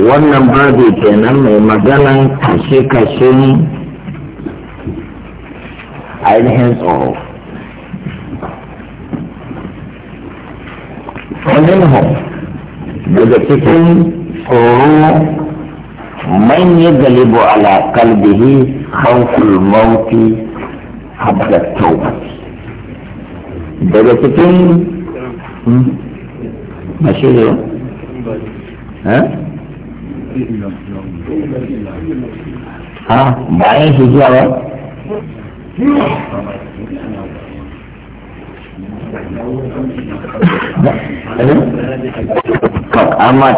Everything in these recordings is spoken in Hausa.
wannan babu kenan mai maganan kashe-kashen ainihin tsoro wajen daga cikin tsoro man yi galibu ala kalbihi hankul mauti habda tauba daga cikin hmm? mashi ne ها bayan su zuwa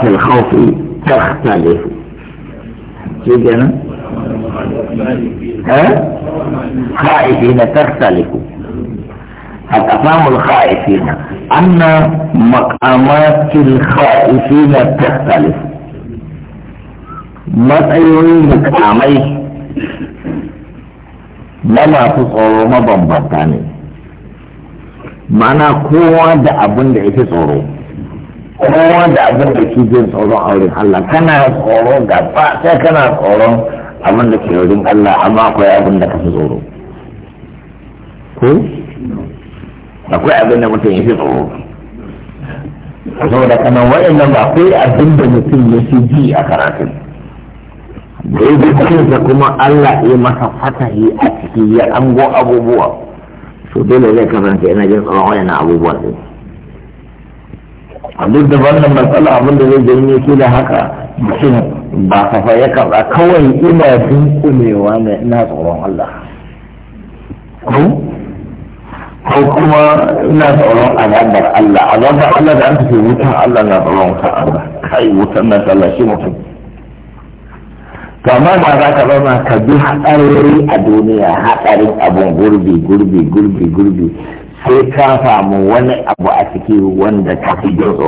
الخوف تختلف شجنا ها خائفين تختلف أقسام الخائفين أن مقامات الخائفين تختلف matsayoyin mukamai na masu tsoro mabambanta ne mana kowa da abin da yake tsoro kowa da abin da ke jin tsoron auren Allah kana tsoro gaba sai kana tsoron abin da ke yorin Allah amma akwai abin da kafi tsoro ko akwai abin da mutum yake tsoro saboda kana nan ba kai abin da mutum ya fi ji a karatun da kuma Allah ya masa fatahi a ciki ya ango abubuwa So, dole zai kasance yana jin tsoron na abubuwa din a duk da wannan matsala abin da zai janye ke da haka mutum ba kafa ya karɓa kawai ina dunkulewa ne ina tsoron Allah ko kuma ina tsoron azabar Allah azabar Allah da an fi wutan Allah na tsoron wuta Allah kai wutan na Allah shi mutum kamar da za ka zama ka bi hatsari a duniya hatsarin abun gurbi gurbi gurbi gurbi sai ka samu wani abu a ciki wanda ka fi jin su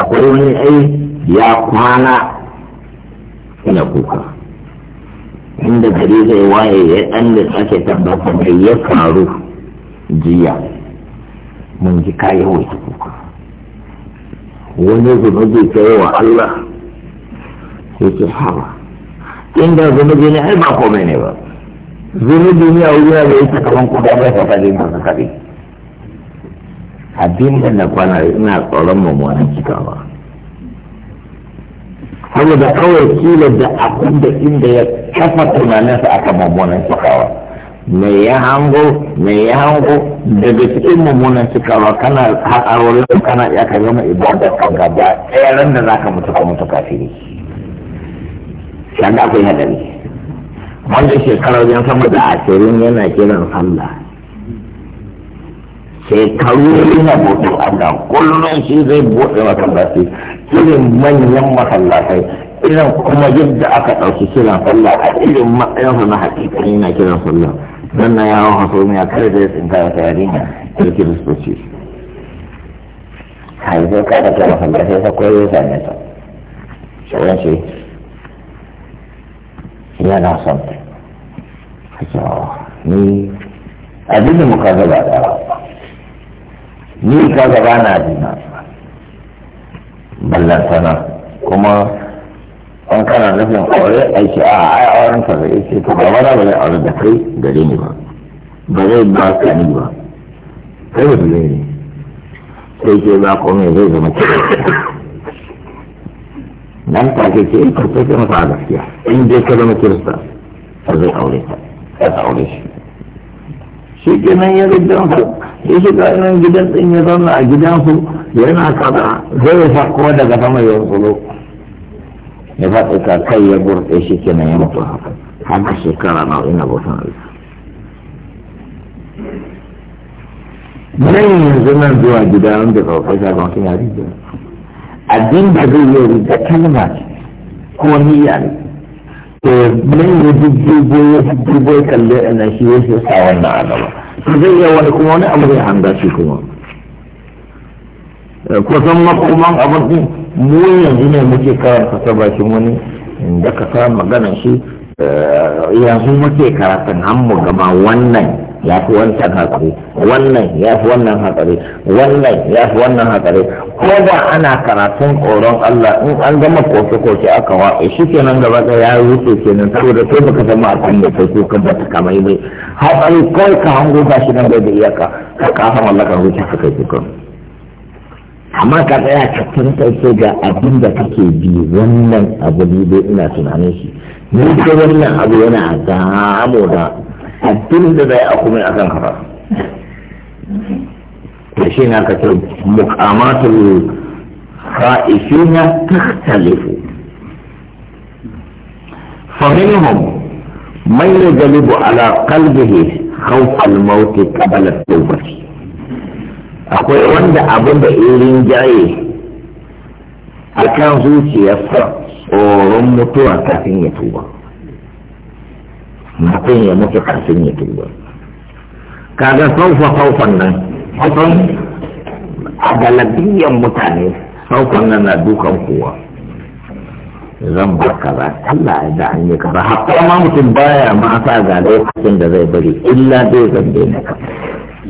akwai wani ai ya kwana ina kuka inda gari zai waye ya ɗan da sake tabbatar mai ya faru jiya mun ji kayan wata kuka wani zunubi ka yi wa Allah sai ce hawa inda zunubi ne ai ba komai ne ba zunubi ne a wuri da yake kaman kuɗa bai fafa da yin kaɗai abin da na kwana ina tsoron mummunan cikawa saboda kawai kila da abin da inda ya kafa tunaninsa aka mummunan cikawa mai ya hango mai ya hango daga cikin mummunan cikawa kana hatsarorin kana ya ka zama ibadar ka gaba ɗaya ran da zaka mutu ka mutu kafiri shanda akwai hadari wanda shekarar wajen sama da ashirin yana kiran sallah shekaru yana bautar Allah kullum shi zai buɗe masallaci irin manyan masallatai irin kuma yadda aka ɗauki kiran sallah a irin matsayinsa na haƙiƙa yana kiran sallah wannan yawon hasumiya kada da ya tsinka wata ne da kiristoci kai zai kada ta masallaci ta koyo ya same ta shawarar ce yana son ni abinda da muka gaba da ni ka gaba na dina ballantana kuma an kana nufin aure aiki a ai auren ka zai ce to ba ba zai aure da kai gare ni ba ba zai ba ka ni ba kai da zai ne sai ke ba mai zai zama ke nan ta ke ce ka eh, sai ka masa gaskiya in dai ka zama kirista ka zai aure ka ka aure shi shi ke nan ya su ya shiga nan gidan din ya zauna a gidan su yana kaza zai sa kuma daga sama ya zulo ya faɗi ka kai ya burɗe shi kenan ya mutu haka haka shekara na ina bautan Allah nan yanzu nan zuwa gida wanda kawai shagon suna rija abin da zai yi rija kalma ce ko niyya ne to nan ya dubbo ya dubbo ya kalle ina shi ya shi sa wannan a gaba zai yi wani kuma wani abu zai hanga shi kuma kusan makoman abin mu yanzu ne muke karanta ta bakin wani da ka sa magana shi eh, yanzu muke karatun an mu gama wannan ya fi wancan haƙari wannan ya fi wannan haƙari wannan ya fi wannan hatsari ko da ana karatun tsoron Allah in an gama koke-koke aka watsa shi nan gaba da ya wuce kenan saboda sai baka zama a kan da kai ko ka bata yi mai hatsari kawai ka hango ba shi nan da iyaka ka kafa mallakar wuce ka kai amma ka tsaya ka tantance ga abin da kake bi wannan abu ne dai ina tunanin shi ni ko wannan abu yana gamo da abin da zai aku min akan haka da shi na kace muqamatul khaifina takhtalifu yajlibu ala qalbihi khawf al خوف qabla al-tawbah akwai wanda abin da irin jaye a kan zuciyarsa tsoron mutuwa kafin ya tuba mutum ya mutu kafin ya tuba kaga saufa saufan nan kusan a galabiyyar mutane saufan nan na dukan kowa zan ba ka kaza Allah ya da an yi kaza hakkar ma mutum baya ma sa ga lokacin da zai bari illa dai zan daina ka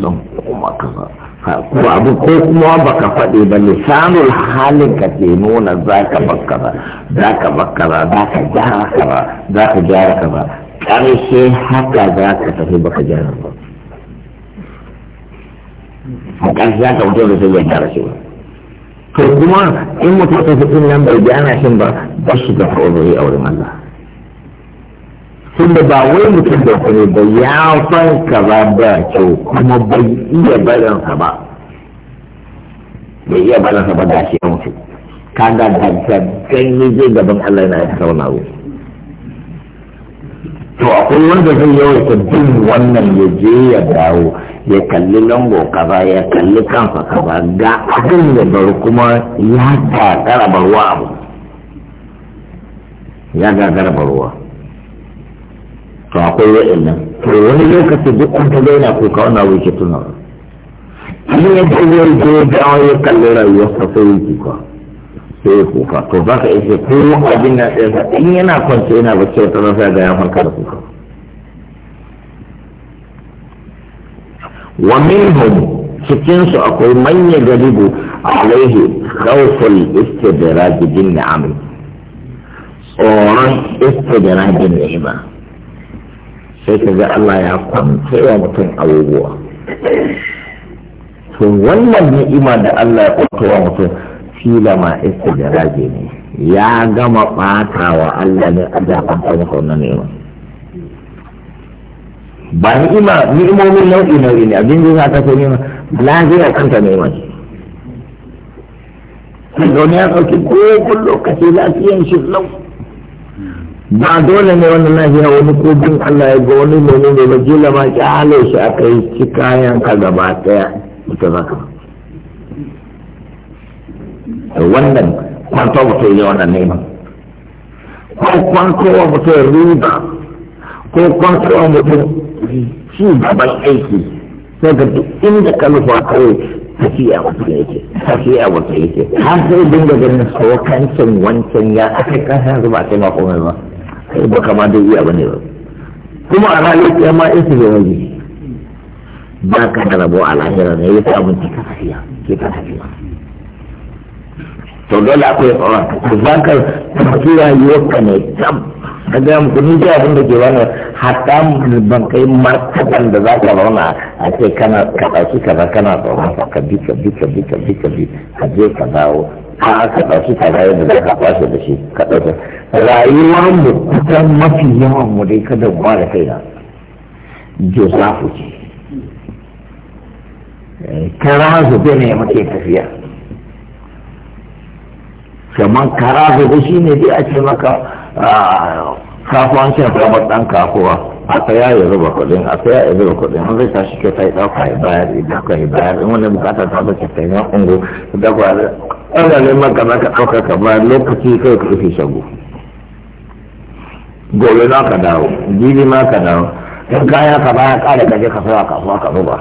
zan koma kaza ko abu ko kuma baka faɗi ba sanul halin ka ke nuna za ka bakkara za ka bakkara za ka gyara ba za ka gyara ba ƙarshe haka za ka tafi baka gyara ba a ƙarshe za ka wuce da sai zai gyara shi ba to kuma in mutum ta fi nan bai gyara shi ba ba shi da fa'urori a wurin Allah tunda ba wai mutum da kuma ba ya san kaza ba kyau kuma bai iya barinsa ba bai iya barinsa ba da shi mutu kaga da ganye zai gaban Allah yana ya sauna to akwai wanda zai ta bin wannan ya je ya dawo ya kalli lango kaza ya kalli kansa kaza ga abin ya bar kuma ya gagara barwa abu ya gagara barwa to akwai nan to wani lokaci duk an ta ko kuka wani wuce tunan tuna hannun ya ce zai je da awon ya kalli rayuwarsa sai yi kuka sai kuka to za ka ishe ko abin na tsaye in yana kwance yana bacci wata rasa ga ya farka da kuka wa minhum cikin su akwai manya garibu alaihi khawful istidraj bin ni'am tsoron istidraj bin ni'am sai ka ga Allah ya kwanta wa mutum abubuwa to wannan ni'ima da Allah ya kwanta wa mutum fila ma istijaraje ne ya gama ɓata wa Allah ne Allah kwanta maka wannan ni'ima ba ni'ima ni'imomin nau'i nau'i ne abin da za ta ce ni'ima ya kanta ni'ima ce Zaune ya ɗauki ko lokaci lafiyan shi lau ba dole ne wannan lafiya wani kogin Allah ya ga wani nemi ne ba jila ma kyale shi aka yi ci kayan ka gaba daya ita za ka wannan kwanto mutum ne wannan ne ko kwanto wa mutum riba ko kwanto wa mutum ci gaban aiki sai ka duk inda ka nufa kawai tafiya wata yake tafiya wata yake har sai dinga ganin tsokancin wancan ya aka kasa zuba sai ma komai ba ba kama da iya bane ba kuma a ranar kiyama ma isa zai waje ba ka da rabo a lahira ne ya samu ta ka tafiya ki ka tafiya to dole akwai tsoron ku zakar tafi rayuwar ka ne tam a ga muku ni ji abin da ke wani hatta ban kai martaban da za ka zauna a ce kana ka ɗauki kaza kana tsoron ka bi ka bi ka bi ka bi ka bi ka je ka dawo a ka ɗauki kaza yadda za ka kwashe da shi ka ɗauki rayuwa mu ta mafi yawan mu dai kada mu da kai na josafu ce eh, kara zube ne muke tafiya kamar kara zube shi ne dai a ce maka ah, kafuwancin rabar ɗan kafuwa aka saya ya zuba kuɗin a saya ya ruba kuɗin an zai tashi kyauta ya ɗauka ya bayar ya ɗauka ya bayar in wani bukata ta zo ki sayi ungo da an ana neman ka ka ɗauka ka bayar lokaci kai ka rufe shago gobe na ka dawo jibi ma ka dawo in kaya ka baya ƙara ka je ka sayo a kasuwa ka ruba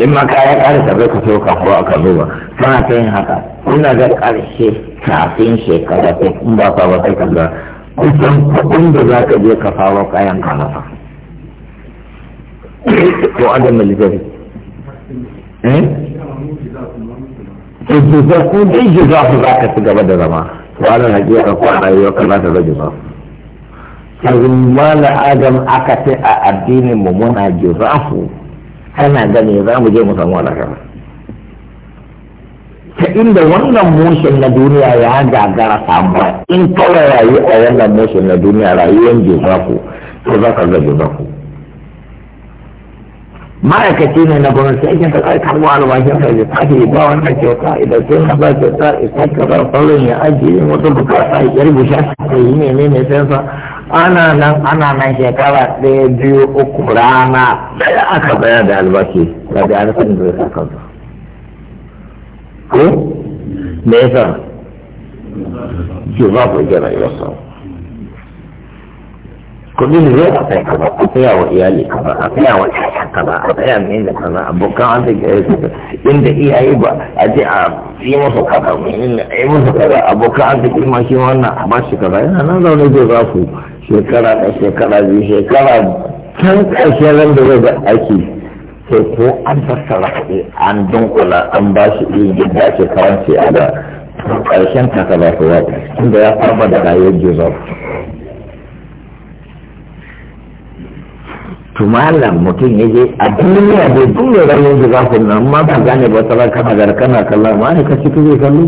in ma kaya ƙara ka zai ka sayo kasuwa ka ruba kana ta yin haka ina ga ƙarshe kafin shekara ta in ba ka ba sai ka ga kusan kudin da za ka je ka faro kayan kanasa eh? ko adam da littafi eh jiza ku dai za ku za ka ci gaba da zama wannan hakika ko a rayuwa ka za ta zage ba kazin mala adam aka ce a addinin mu muna jirafu kana gani za mu je mu samu alaƙa ta inda wannan motion na duniya ya gagara samuwa in kawai rayu a wannan motion na duniya rayuwar jozaku to za ka ga jozaku ma'aikaci ne na gwamnati sai ka kai karbo alwashin ka ya tafi ba wannan kyauta idan sai na ba kyauta isa ka bar sauran ya ajiye wata bukata ya rubuta ta yi ne ne mai sensa ana nan ana nan shekara ɗaya biyu uku rana ɗaya aka bayar da albashi ba da alfin da ya sa kansa ko me yasa ke ba ku ita kudi ne zai a kai kaza a tsaya wa iyali kaza a tsaya wa ƴaƴa kaza a tsaya mai da kaza abokan arziki ya eh, kaza inda iyaye ba a je a yi musu kaza a yi musu kaza abokan arziki ma shi wannan a ba shi kaza yana nan zaune zai za ku shekara da shekara biyu shekara can ƙarshen ran da zai ga aiki to ko an fassara an dunkula an ba shi ilimin da ake karanci a da ƙarshen kasa ba su wata inda ya saba da rayuwar jizon tumalan mutum ya je a duniya bai duniya rayuwar jizon nan ma ba gane ba sarar kana gar kana kallon ma ne ka ci zai kallo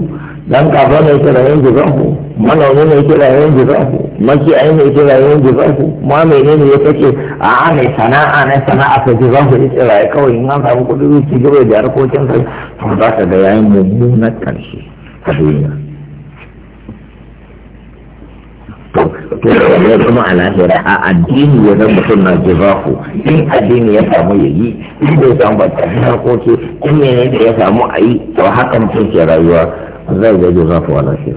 dan kafa ne yake rayuwar jizanku manomi ne yake rayuwar jizanku makiyayi ne yake rayuwar jizanku ma ne ya kace a a mai sana'a ne sana'a ka jizanku ya raye kawai in an samu kuɗi zai ci gaba da harkokin sai to za ka ga yayin mummunan karshe a duniya to ne kuma a lahira a addini ya zama mutum na jizaku in addini ya samu ya yi in bai samu ba ta harkoki in ne da ya samu a yi to haka mutum ke rayuwa ازاي ده يضاف ولا شيء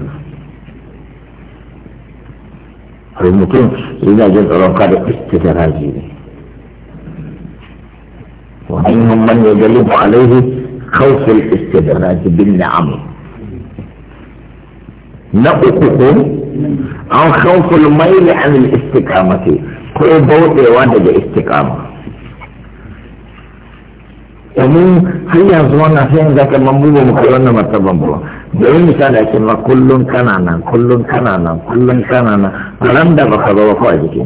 ممكن اذا جاء الاعراب قال استدراجي ومنهم من يجلب عليه خوف الاستدراج بالنعم نقصكم عن خوف الميل عن الاستقامة كل بوضع وانجا استقامة ومن هيا زوانا فين ذاك المنبوب ومكرونا مرتبا بالله domin misali ake ma kullum kana nan kullum kana nan kullum kana nan ran da baka zo ba a jikin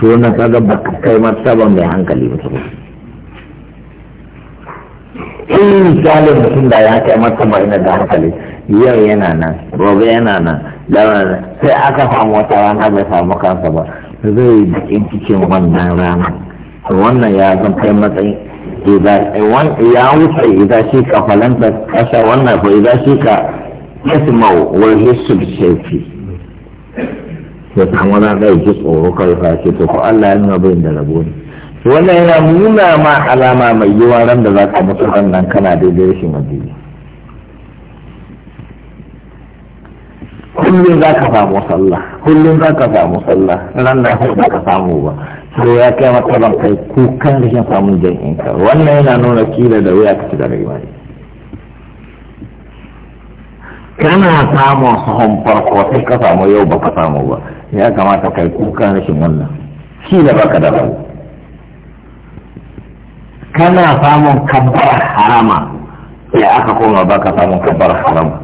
to wannan kaga ba kai martaba mai hankali ba in misali mutum da ya kai martaba ina da hankali yau yana nan gobe yana nan sai aka samu wata rana bai samu kansa ba zai yi bakin cikin wannan rana wannan ya zan kai matsayin ya wuce idan kasa wannan ko idan wal na da tsoro kai to Allah ya nuna da wannan nuna ma alama mai yiwa ran da zaka mutu ran kana daidai kullum za ka samu sallah kullum za ka samu sallah ka samu ba to ya kai matsalar kai kan rashin samun jan'in ka wannan yana nuna kila da wuya ka ci da rayuwa ne kana samun sahun farko sai ka samu yau ba ka samu ba ya kamata kai kan rashin wannan kila ba ka da rabu kana samun kabbar harama ya aka koma ba ka samun kabbar harama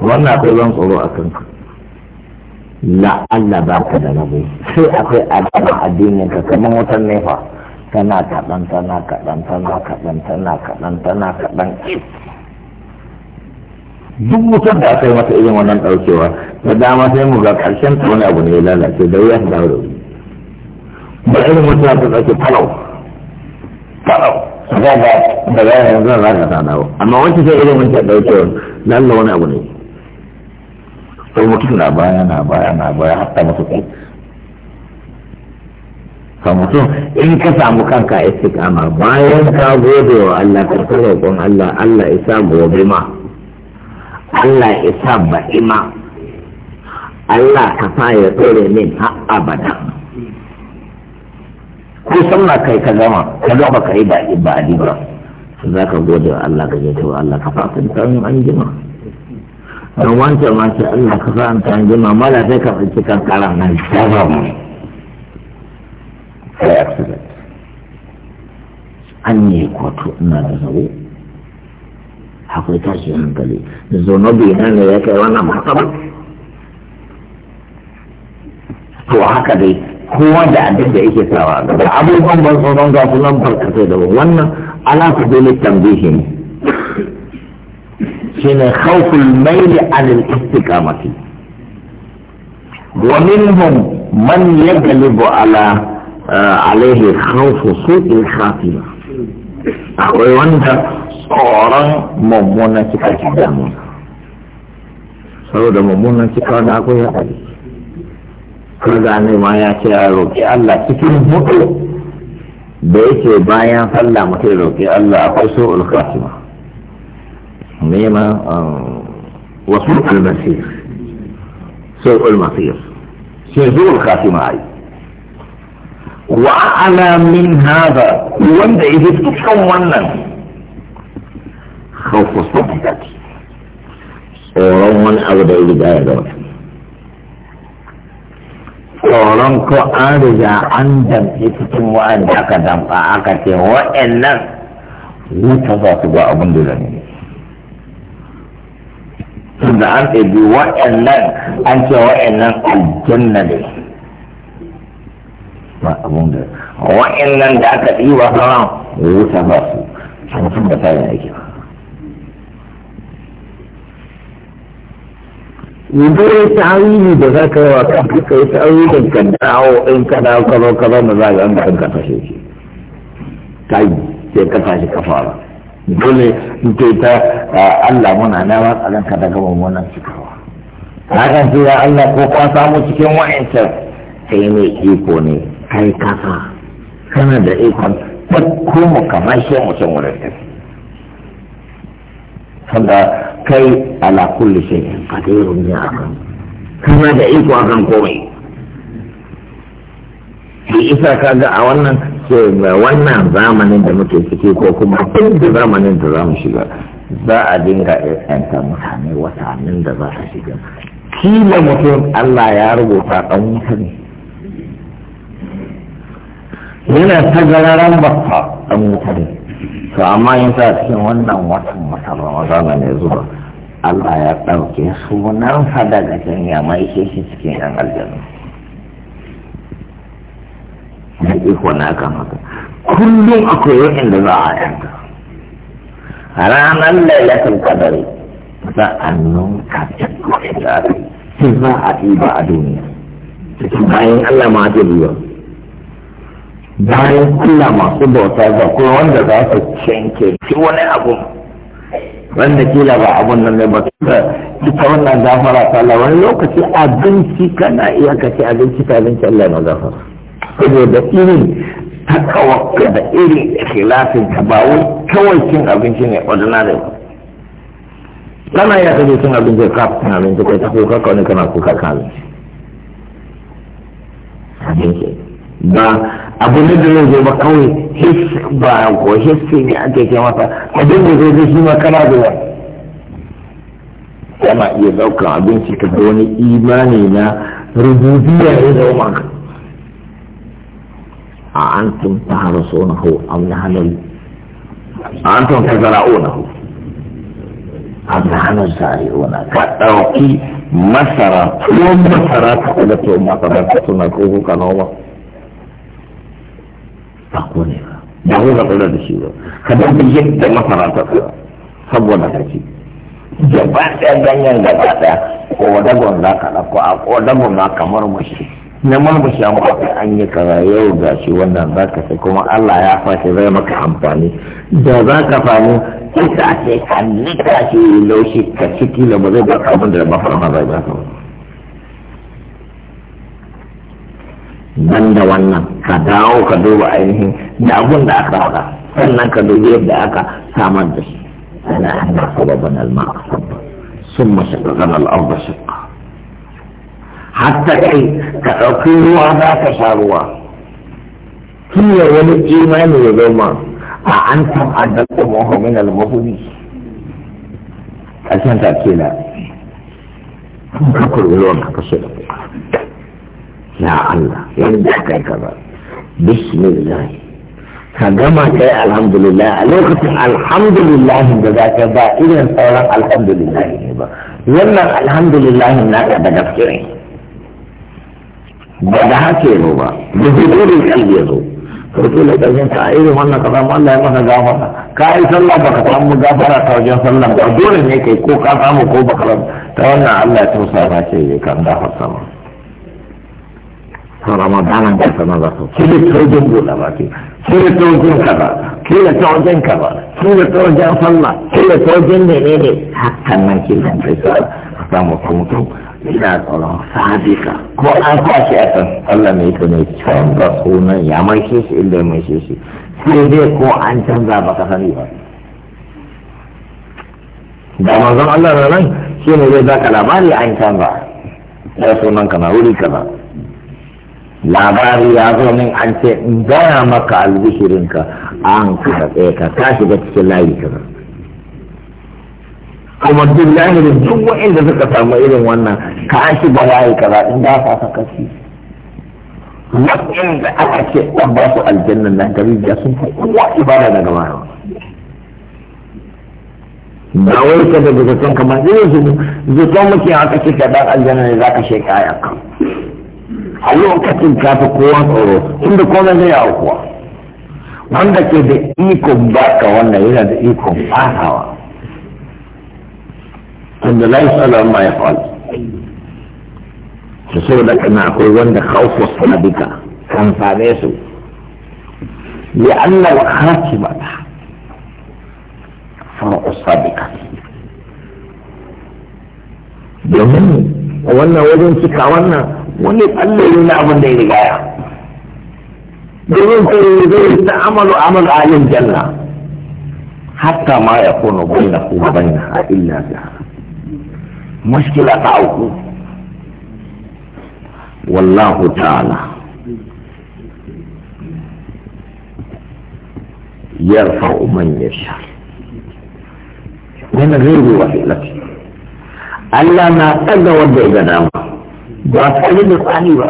wannan akwai ban tsoro a kanka la Allah ba ka da rabo sai akwai alama duniyar ka kamar wutar nefa tana kaɗan tana kaɗan tana kaɗan tana kaɗan tana kaɗan duk wutar da aka yi mata irin wannan ɗaukewa da dama sai mu ga ƙarshen ta wani abu ne ya lalace da wuya ta dawo da wuri ba irin wutar ta ɗauke falau falau da ga da ga yanzu za ka ta dawo amma wancan sai irin wancan ɗaukewa lalla wani abu ne sai mutum na baya na baya na baya hatta masu kai ka mutum in ka samu kanka istiqama bayan ka gode wa Allah ka tsare kun Allah Allah isa gobe ma Allah isa ba'i ma Allah ka sa ya tsere min har abada ko sallah kai ka gama ka zama ka yi ba ba ba za ka gode wa Allah ka je ta Allah ka fatin an jima don wancan ma Allah ka sa an jima mala sai ka tsinci kankara nan daban sai accident an yi kwato ina da zabo akwai tashi hankali da zaune biyu ne ya kai wannan martaba to haka dai kowa da abin da yake sawa ga abubuwan ban tsoron ga sunan farkatai da wannan ala su dole tambihi ne shine khawful maili anil istiqamati wa minhum man yaglibu ala uh, alaihi khawfu su'il khatima akwai wanda tsoron mummunan saboda mummunan cika akwai haɗari kaga ne ma ya ce a roƙi Allah cikin hudu da yake bayan sallah mutum roƙi Allah akwai su'ul khatima nema um, wasu almasir sai almasir sai zuwa kafima ai wa ana min hada wanda yake dukkan wannan khawfu sabati tsoron wani abu da ya riga ya gaba tsoron ko an riga an damɗe cikin wa'anda aka damɓa aka ce wa'annan wuta za su tunda an ɗabi wa'annan an ce wa'annan aljanna ne ba abun da wa'annan da aka ɗiba sauran wuta ba su mutum da kayan aiki ba yanzu ya ta'awili da za ka yi wa kanka ta yi da ka dawo in ka dawo karo karo na za ka yi an da kanka fashe shi ta yi sai ka tashi ka fara dole ita ta Allah muna ma tsaron ka daga mummunan cikawa hakan sai ya Allah ko ka samu cikin wa'ancan kai ne iko ne kai kafa kana da ikon ko mu kamar shi san wurin tafi sanda kai ala kulli shay'in qadirun ya akan kana da iko akan komai shi isa kaga a wannan ce wannan zamanin da muke ciki ko kuma duk zamanin da za mu shiga za a dinga yanta mutane watannin da za a shiga kila mutum Allah ya rubuta ɗan wuta ne yana ta gararan bakwa ɗan wuta to amma yin sa cikin wannan watan watan ramadana ne zuba Allah ya ɗauke sunansa daga can ya maishe shi cikin 'yan aljanu na iko na kan haka kullum akwai waɗanda za a yanka ranar lailatul kadari za a nunka cikin da aka yi za a ɗiba a duniya cikin bayan Allah ma ta biyu bayan Allah masu bauta ga kuma wanda za su canke ci wani abu wanda kila ba abun nan ne ba ita wannan gafara ta Allah wani lokaci abinci kana iya kace abinci ta abinci Allah na gafara saboda ta takawakka da iri ikhlasin ta ba wai kawai cin abinci ne ordinary kana ya kaje cin abinci ka cin abinci kai ta kuka kawai kana kuka ka abinci ba abu ne da zai ba kawai his ba ko hissi ne ake ce masa abin da zai shi ma kana wani? yana iya daukan abinci ka wani imani na rububiyya ya zama maka أأنتم تهرسونه أم نحمل أأنتم تزرعونه أم نحن الزارعون كأوكي مسرى يوم مسرى تقول توم أتبقى تنكوه كنوما تقولي يهود قولة دشيرة كدام بيجد مسرى تقول سبونا كشي جبات أدنيا جبات أدنيا ودقون لا كنا قوة ودقون لا كمر مشي na murmushi a maka an yi kaza yau ga shi wannan za ka sai kuma Allah ya fashe zai maka amfani da za ka famu kisa ce ka nika shi laushi ka ciki da ba zai ba ka abin da ba farma zai ba ka ban da wannan ka dawo ka duba ainihin da abin da aka haka sannan ka dubi yadda aka samar da shi ana an ba sababin al-ma'a sun mashi ƙasar al'arba shakka حتى كي تعقلوا هذا تصاروا هي والإيمان يدوما أعنتم عدلتموه من المظلمين عشان تأكيلا ككل ولون حتى صدق يا الله يمدح يعني كيف بسم الله فقام كي الحمد لله عليك الحمد لله عند ذاك الباقي الحمد لله يبا يلا الحمد لله هناك بدفترين ba da hake zo ba da hudurin kalbi ya zo farko da ƙarshen ka irin wannan ka samu Allah ya masa gafara ka yi sallah baka samu gafara ta wajen sallah ba dole ne kai ko ka samu ko baka samu ta wannan Allah ya tausa ba ce ya kan gafar sama ta ramadanan ka sana za su kila ta wajen buɗa ba ke kila ta wajen kaza kila ta wajen kaza kila ta wajen sallah kila ne wajen menene hakan nan kila ta sallah a samu kuma ina tsoron sadika ko an shi a kan Allah mai ta mai canza sunan ya mai shi inda ya maishe shi sai dai ko an canza ba ka sani ba da manzon Allah na nan shi ne zai zaka labari an canza ya sunan ka na wuri kaza labari ya zo min an ce in gaya maka albishirinka an kuka tsaye ka tashi da cikin layi kaza kuma duk lahirin duk wa'inda suka samu irin wannan ka an shi ba yayi kaza in da ka saka shi da aka ce an ba su aljannan nan gari da sun fi kowa ibada daga baya ba wai ka da zukatun kamar irin su zukatun muke aka ce ka dan aljanna ne zaka sheka ya kan a lokacin ka fi kowa tsoro inda komai zai yawo kuwa wanda ke da ikon baka wannan yana da ikon fasawa أن لا يسأل عما يفعل تصير لك أن أقول عندك خوف وصل بك كان فارس لأن الخاتمة فرق صادقة يمني وانا وزن سكا وانا وانا يتقل لي نعم اللي رجايا يقول في الوزن عمل عمل عالم جنة حتى ما يكون بينه وبينها إلا بها mushkila ta uku wallahu ta'ala yarfa man yasha min wa wasilati Allah na tsaga wanda ya dama ba tare da tsani ba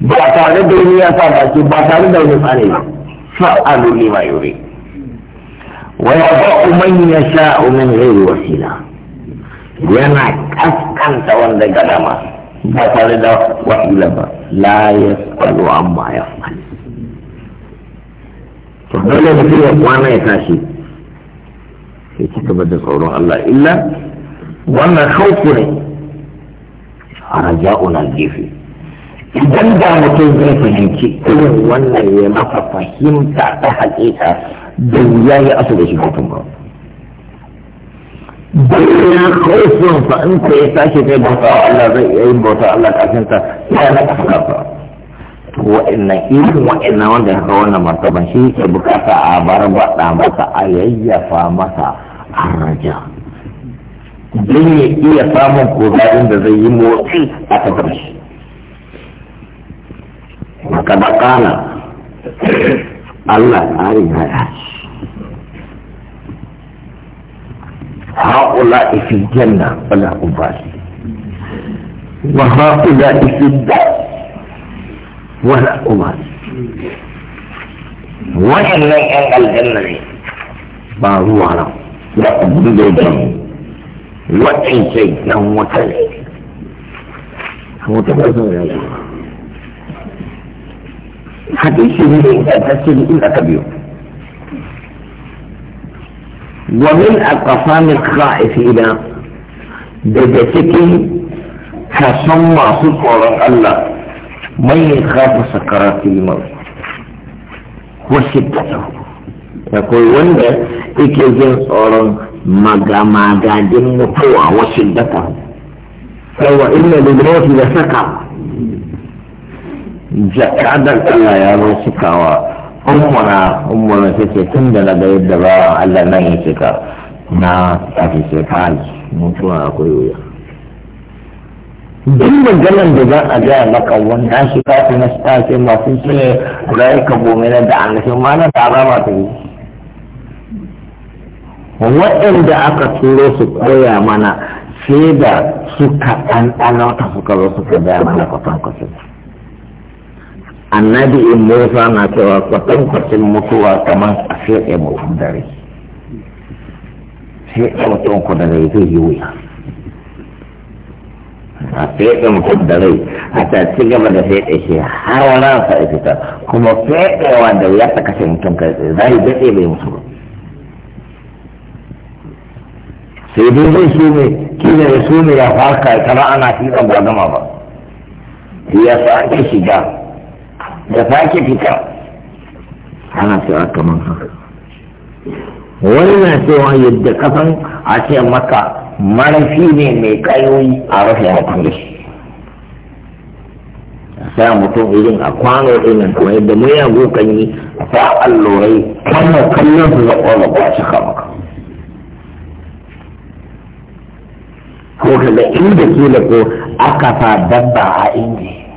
ba tare da wani ya sa baki ba tare da wani tsani ba fa'alu lima yuri wa ya ba man yasha'u min ghairi wasila yana kaskanta wanda ga dama ba tare da wahila ba la ya tsalo amma ya fani to dole mutum ya kwana ya tashi sai ci gaba da tsoron Allah illa wannan shauku ne a raja'un gefe idan da mutum zai fahimci irin wannan ya masa fahimta ta hakika da wuya ya asu da shi mutum ba bayyana kawai fa in ka ya tashi kai bauta Allah zai iya yin bauta Allah kafin ta ya na kafa kafa wa'annan irin wa'annan wanda ya kawo wannan martaban shi ke bukata a barbaɗa masa a yayyafa masa haraja don ya iya samun kuzarin da zai yi motsi a kafar shi maka da Allah tsarin haya shi هؤلاء في الجنة ولا أبالي وهؤلاء في الدار ولا أبالي وإن أن الجنة بارو على لا الجنة وإن شيء نوم وكذا حديث من الأساس إلا كبير ومن إلى الخائفين دجتكي ما سكر الله من يخاف سكرات الموت وشدته يقول وندا إكيزين صورا مغاما غادين مطوع وشدته فهو إلا لدروس لسكر جاء عدد الله يا رسكا ummuna ummuna ta ce tun da na ga yadda ba Allah nan ya ce ka na tafi ce kai mutuwa akwai wuya duk maganar da za a gaya maka wanda shi ka fi nasu ce masu ce zai ka na da annashi ma na tara ma ta yi waɗanda aka turo su koya mana sai da suka ɗanɗana ta suka zo suka gaya mana kwatankwacin annabi in musa na cewa kwatankwacin mutuwa kamar a fiye mutum dare fiye mutum ku dare zai yi wuya a fiye mutum dare a ta ci gaba da fiye shi har ransa ya fita kuma fiyewa wanda ya ta kashe mutum kai tsaye za yi daɗe bai mutu ba sai dai zai su ne kila ya su ne ya farka ya kama ana zan ba gama ba ya sa ake shiga da sake fita ana cewa kamar haka wani na cewa yadda kasan a ce maka marafi ne mai kayoyi a rufe a a sa mutum irin a kwano ɗin kuma yadda mu ya gokan yi sa allurai kallon kallon su zaɓo da ba shi ka ko kaga inda kila ko aka sa dabba a inji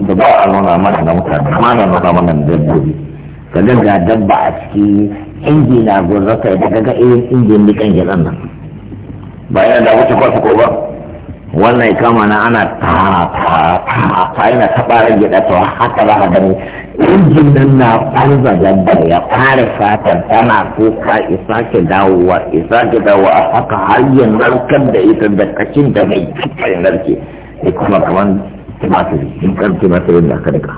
da ba a nuna mana na mutane amma na nuna mana na dabbobi ka ga dabba a ciki inji na gurza kai yi daga irin injin kan gidan nan ba yana da wuce kwasu ko ba wannan kama na ana ta ta ta ta yana taɓa rage da to haka za a gani injin nan na farza dabba ya fara fatan tana kuka isa ke dawowa isa ke dawowa a haka har yin narkar da ita da kacin da mai kasa narke kuma kamar tumatiri in kan da aka daga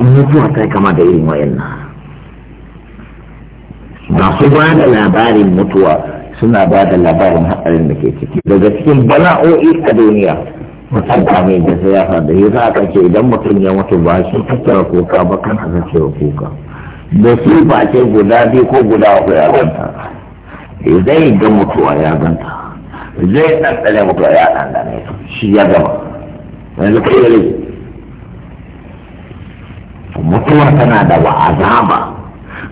mutuwa ta kama da irin masu ba da labarin mutuwa suna ba da labarin haɗarin da ke ciki daga cikin bala'o'i a duniya mutum mai da sai ya faru ya za a ce idan mutum ya mutu ba shi tattara kuka ba kan aka wa kuka da su ba ce guda biyu ko guda uku ya ganta zai ga mutuwa ya ganta zai ɗanɗane mutu ya ɗanɗane shi ya gama yanzu kai da mutuwa tana da wa'azaba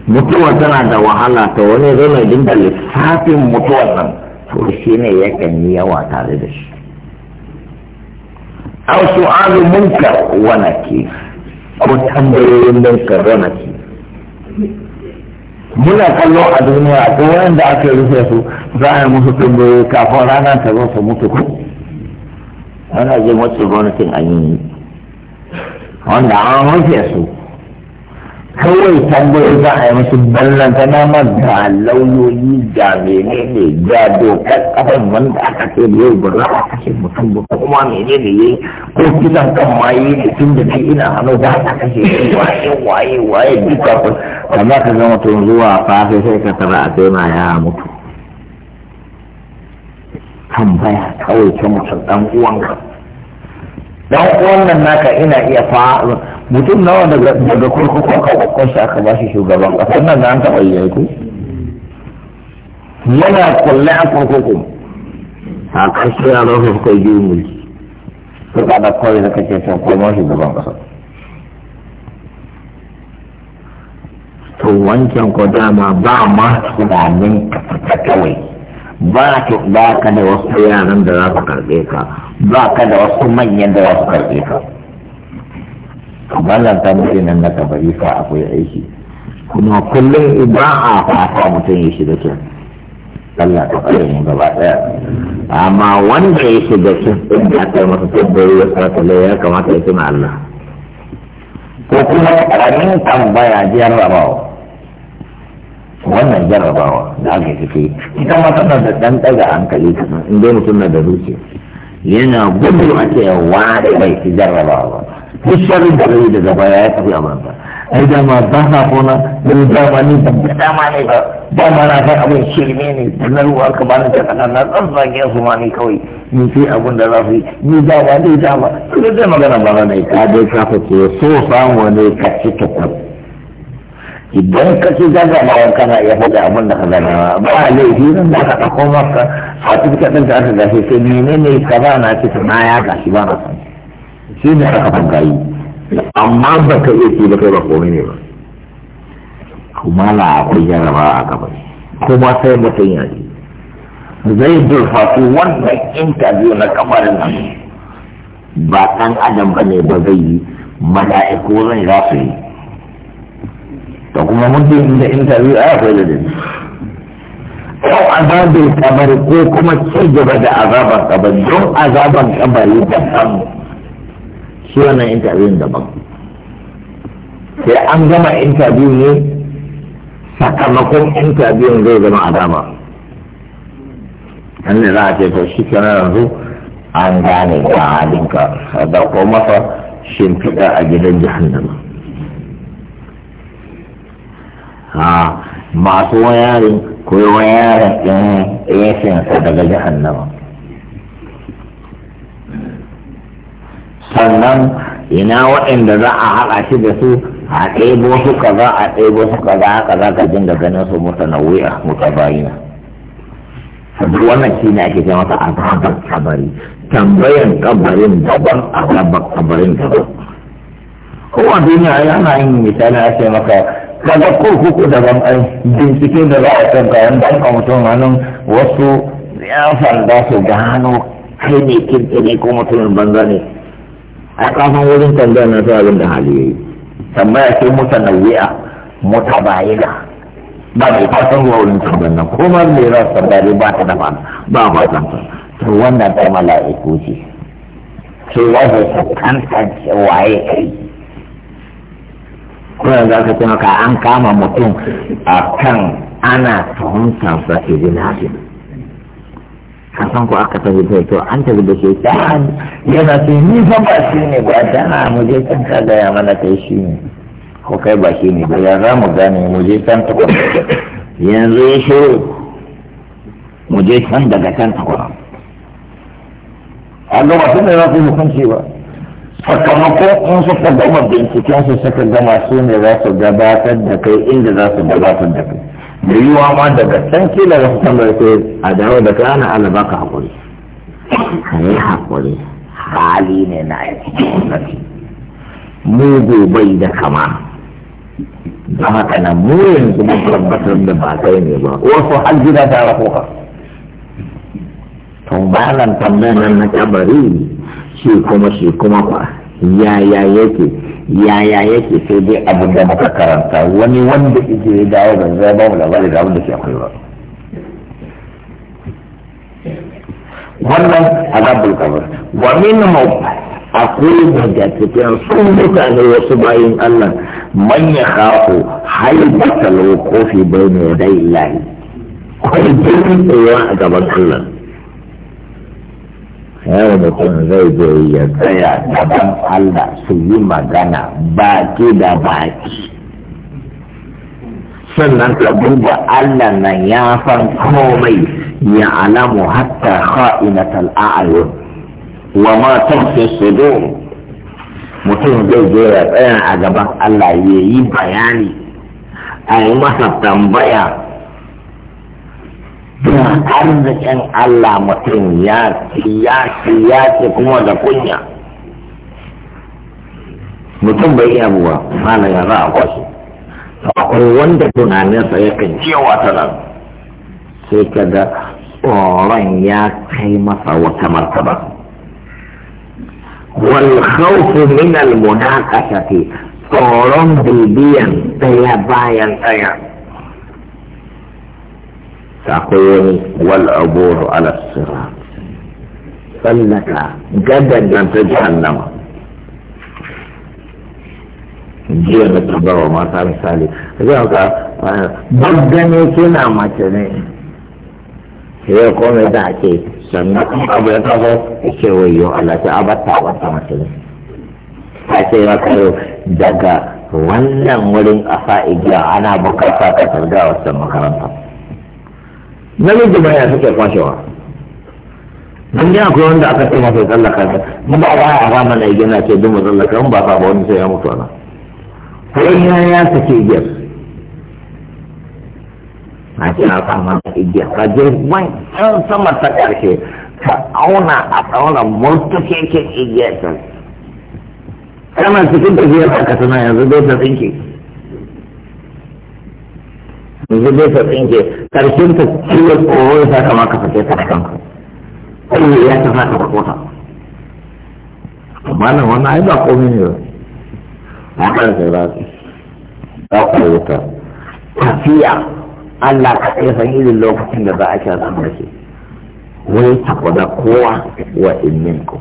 mutuwa tana da wahala ta wani zai dinga lissafin mutuwar nan to shi ne kan yi yawa tare da shi au su'alu munkar wa nakir ko tambayoyin munkar wa nakir muna kallo a duniya akwai da aka rufe su za a yi musu tambayoyi kafin rana ta zo su mutu ku ana ajiye mutu gwamnatin an yi wanda an rufe su kawai tambayi za a yi musu ballanta ta nama ga lauyoyi ga menene ga dokar kafin wanda aka ce da yau ba a kashe mutum ba kuma menene ya yi ko kisan kan maye da tun da ke ina hannu za a kashe shi waye waye waye duka ku kamar ka zama tun zuwa fafe sai ka tara a sai ma ya mutu tambaya kawai ta mutum dan uwanka dan uwan nan naka ina iya fa'a mutum nawa daga kurkuku aka kwakwarsa aka ba shi shugaban a nan da an taɓa yi ku yana kulle a kurkuku a kashe ya zo su kai biyu mulki suka da kawai da kake son kuma shugaban ƙasar to wancan ko dama ba ma tunanin ka kawai ba ka da wasu yaran da za su karɓe ka ba ka da wasu manyan da za su karɓe ka amma lanta mutum nan na kabari fa akwai aiki kuma kullum ba a fata mutum ya shiga kin Allah ta fara mu gaba daya amma wanda ya shiga kin in da kai masa tabbari ya fata ya kamata ya tuna Allah ko kuma karamin tambaya jarrabawa wannan jarrabawa da aka kake ita ma tana da dan daga hankali kasan in dai mutum na da zuciya yana gudu ake wa da ware bai ba. بالشر دغري لزبايا يكفي أمامها إذا ما ظهر هنا من زماني بدماني بدمانا كان أبو الشرميني بنروا كبارن تكنا نرضى جسماني كوي نسي أبو نرافي نجاوا نجاوا كل ده ما كان بنا نيك هذا كافي سوسا ونيك كتكتب idan ka ci jarrabawa kana iya faɗi abin da ka shi ne aka kafan yi amma ba ka iya ci ba kai ba komai ne ba kuma na akwai jaraba a gaba kuma sai mutum ya ce zai durfafi wannan intabiyu na kamarin nan ba ɗan adam ba ne ba zai yi mala'iku zai za su yi to kuma mun yi inda intabiyu a akwai da dai yau azabin kabari ko kuma ci gaba da azaban kabari don azaban kabari da samu shi wannan interview daban sai an gama interview ne sakamakon ne zai zama alama an ne za a ce to shi kenan yanzu an gane ga halinka da ko masa shimfiɗa a gidan jahannama ha masu wayarin ko wayarin ɗin eh, yasinsa daga jahannama nan ina waɗanda za a haɗa shi da su a ɗebo su kaza a ɗebo su kaza haka za ka dinga ganin su mutanawwi'a mutabayina duk wannan shi ne ake ce masa azabar kabari tambayan kabarin daban azabar kabarin daban kowa duniya yana yin misali a ce maka kaga kurkuku daban ai bincike da za a kanka wanda an kama mutum hannun wasu yan sanda su gano kai ne kirkire ko mutumin banza ne a kafin wurin tambaya na zuwa abin da hali yayi tambaya ce mutanawwi'a mutabayila ba mai fatan zuwa wurin tambayar nan ko ma mai za su ba ta dafa ba ba ta to wannan ta mala'iku ce to waje su tantance waye kai kuma za ka ka an kama mutum a kan ana tuhumtar sa ke jinafin kasan ko aka tafi da to an tafi da ke can yana ce ni fa ba shi ne ba dana mu je can ka gaya mana kai shi ne ko kai ba shi ne ba ya za mu gane mu je can tukun yanzu ya shiru mu je can daga can tukun an gama sun da za su yi hukunci ba sakamako in suka gama binciken su suka gama su ne za su gabatar da kai inda za su gabatar da kai da wa ma daga can kila wasu da ke a dawo da kana ana baka hakuri ka yi hakuri hali ne na yi. mu gobe da kama da haka nan mu yanzu mun tabbatar da ba kai ne ba wasu har gida ta ka to bayan tambayar nan na kabari shi kuma shi kuma ba yaya yake yaya yake sai dai abin da muka karanta wani wanda ije ya dawo da zai ba mu labari da abin da ke akwai ba wannan azabul kabar wa minhum akwai daga cikin sun mutane wasu bayin Allah man ya kafu haibatal kofi bayna yadayi Allah kai dai tsayawa a gaban Allah yawon mutum zai zo ya tsaya gaban Allah su yi magana baki da baki sannan ka duba Allah nan ya san komai ya alamu hatta kha'inatal a'yun wa ma tafi sudur mutum zai zo ya tsaya a gaban Allah ya yi bayani a yi masa tambaya da arzikin Allah mutum ya ya ya kuma da kunya mutum bai iya buwa mana ya za a kwashi akwai wanda tunaninsa ya kan cewa ta nan sai ka ga tsoron ya kai masa wata martaba wal khawfu min al tsoron bibiyan daya bayan daya تقول والعبور على الصراط فلك جدد من في جهنم جيب تبرو ما تعرف سالي جيبك بدني كنا ما تنين يقوم داكي سنكم أبو يتغو يشويو على تعبا تعبا تعبا تعبا تعبا تعبا تعبا تعبا تعبا تعبا تعبا تعبا تعبا تعبا تعبا تعبا namiji ma ya suke kwashewa don ya akwai wanda aka ce masa tsallaka ta mun ba ba a rama na igina ce duma tsallaka mun ba sa ba wani sai ya mutu ana kuma ya ya sake igiyar a ce a sama da igiyar ka je wani ɗan sama ta karshe ka auna a tsaunar murtukekin igiyar ta kana cikin tafiyar ka tana yanzu dai ta tsinki. yanzu dai ka tsinke karshen tsoro ya saka maka da kanka ya ta amma nan ai ba a kan sai ba ta tafiya Allah ka iya san irin lokacin da za a sha zama shi wai ta kwada kowa wa in minkum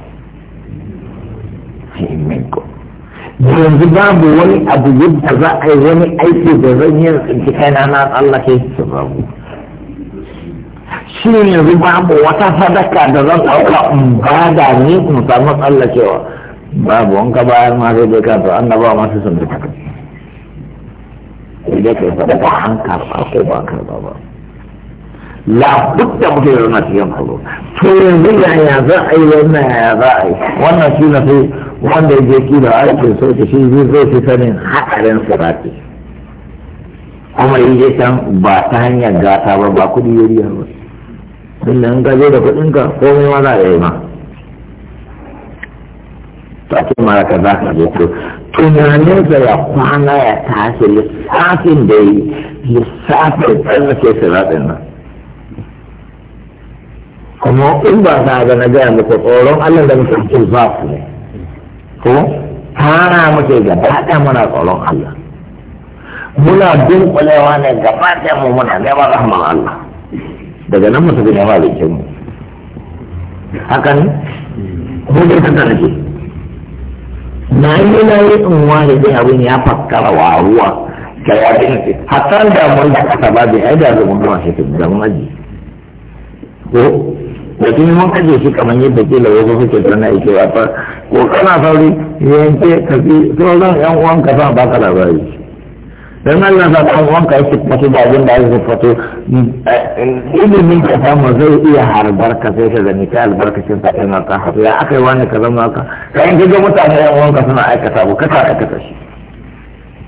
yanzu babu wani abu yadda za a yi wani aiki da zan yi tsinci kaina na Allah ke su babu shi yanzu babu wata sadaka da zan ɗauka in ba da ni in samu tsallakewa babu wani wanka bayan ma zai bai kanta annaba masu sun da taka idan kai sadaka an karɓa ko ba karɓa ba la labudda mutum yana cikin horo to yanzu yaya za a yi wannan yaya za a yi wannan shi na sai wanda ya je kila so ta shi zai fi sanin haɗarin sirati kuma yi je can ba ta hanyar gata ba ba kuɗi ya riya ba tunda in ka zo da ka komai ma za a yi ma ta ce mara ka za ka je to tunaninsa ya kwana ya tashi lissafin da yi lissafin tsarnake siratin nan kuma in ba sa ga na gaya muku tsoron allah da mutum ke zafi ne ko tara muke gaba da muna tsoron Allah muna dunkulewa ne gaba da mu muna neman rahman Allah daga nan ta na yi na yi in wani abin ya wa ruwa da ya bin hatta da mun da kasa ba bai aida da shi ko da kin mun kaje shi kamar yadda kila wasu suke tana yake ke wata ko kana sauri yanke ka fi sauran yan uwan ka sa baka labari dan Allah za ka uwan ka yake fato da abin da yake fato ilimin ka samu zai iya harbar ka sai ka zani ka albarkacin ka ina ka hato ya aka yi wani ka zama ka kayan ka ga mutane yan uwan ka suna aikata ku kasa ta aikata shi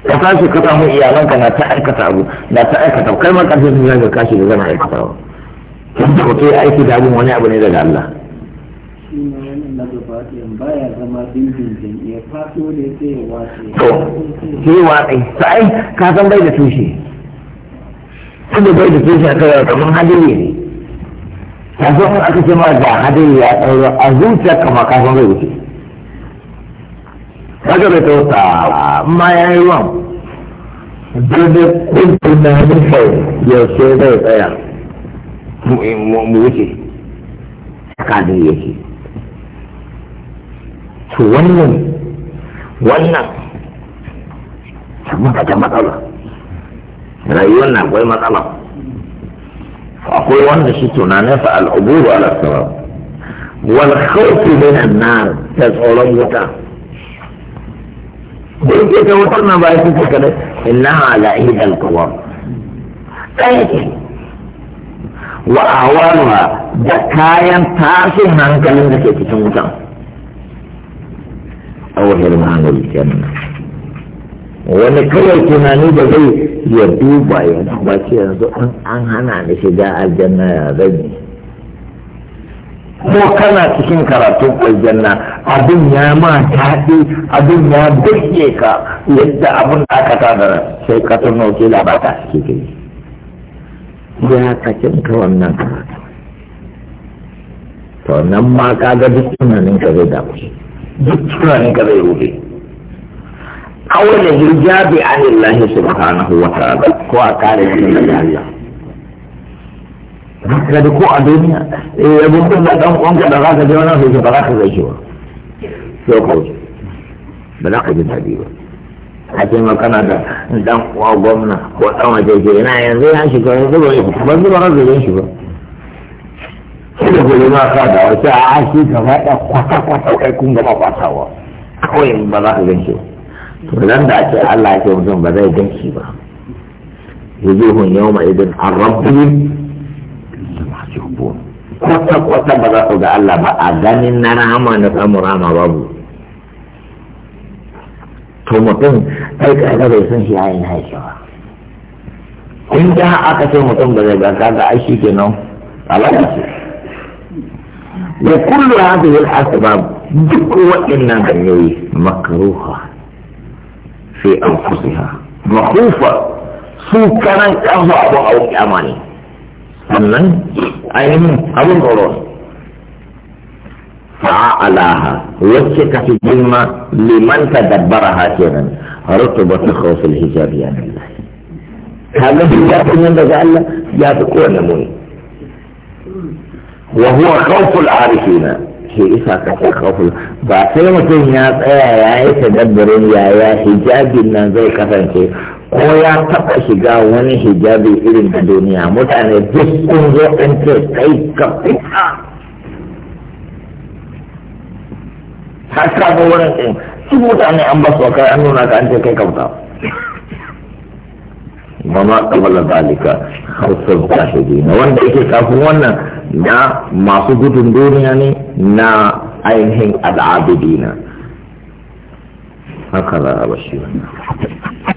ka tashi ka samu iyalanka na ta aikata abu na ta aikata kai ma ƙarfin ya ga kashi da zama aikata sun ta ya aiki da wani abu ne daga Allah to ke sai ka san bai da tushe bai da tushe a kai kamar hadiri ne ka san aka ce ma da hadiri ya tsaro a zuciya kama ka san bai wuce kaga bai tausa ya yi ruwan dole yaushe zai tsaya mu wuce eh, tsakanin yake to wannan wannan samun ta matsala rayuwar na akwai matsala akwai wanda shi tunaninsa al'uburu ala sarar wal khawfi min na nar ta tsoron wuta da yake ta wutar na ba ya kuka kada inna ala ihda al-qawam wa awanuwa da kayan tashin hankalin da ke cikin wutan awahir ma'anar nan wani kawai tunani da zai ya duba ya duba ce yanzu an hana ni shiga aljanna ya zai ko kana cikin karatun aljanna abin ya ma daɗi abin ya dake ka yadda abin da aka tada sai ka tuno ke labata suke kai ya kakin ta wannan karatu to nan ma ka ga duk tunanin ka zai damu duk tunanin ka zai rufe awala hijabi anillahi subhanahu wa ta'ala ko a kare mutum daga Allah ka da ko a duniya eh ya mutum da dan uwanka da zaka je wannan sai ba za ka zai shi ba sai ko ba za ka ji daɗi ba a ce kana da dan uwa gwamna ko dan waje ke na yanzu ya shiga ya zuba ya fita ban zuba razzulin shi ba shi da gobe ma sa da wasu a ashi gaba da kwata kwata kai kun gama kwatawa kawai ba za ka gan shi to nan da ake Allah ya ce mutum ba zai gan shi ba wujuhun yawma idin arrabbihim kwata kwata ba za ku ga Allah ba a ganin na rahama na samu rama babu to mutum kai ka ga bai san shi yayin haikewa in da aka ce mutum da zai ga kaga ai shi kenan alaka ce da kullu hadhihi al-asbab duk waɗannan hanyoyi makruha fi anfusiha makufa su karan ba abu a wuƙi amani sannan ainihin abin tsoro فعلاها وشك في جلمة لمن تدبرها كذا رتبة خوف الحجاب يا الله هذا في جاب من ذا قال يا تقول وهو خوف العارفين هي إذا كان خوف بعثيمة الناس آه، يا يا تدبر يا يا حجاب من ذا كي ko ya taɓa shiga wani hijabi irin da duniya mutane duk sun zo har ka ga wurin ɗin su mutane an ba su kai an nuna ka an ce kai kauta mama kabala dalika hausar kafiri na wanda yake kafin wannan na masu gudun duniya ne na ainihin al'adu dina. haka za a bashi wannan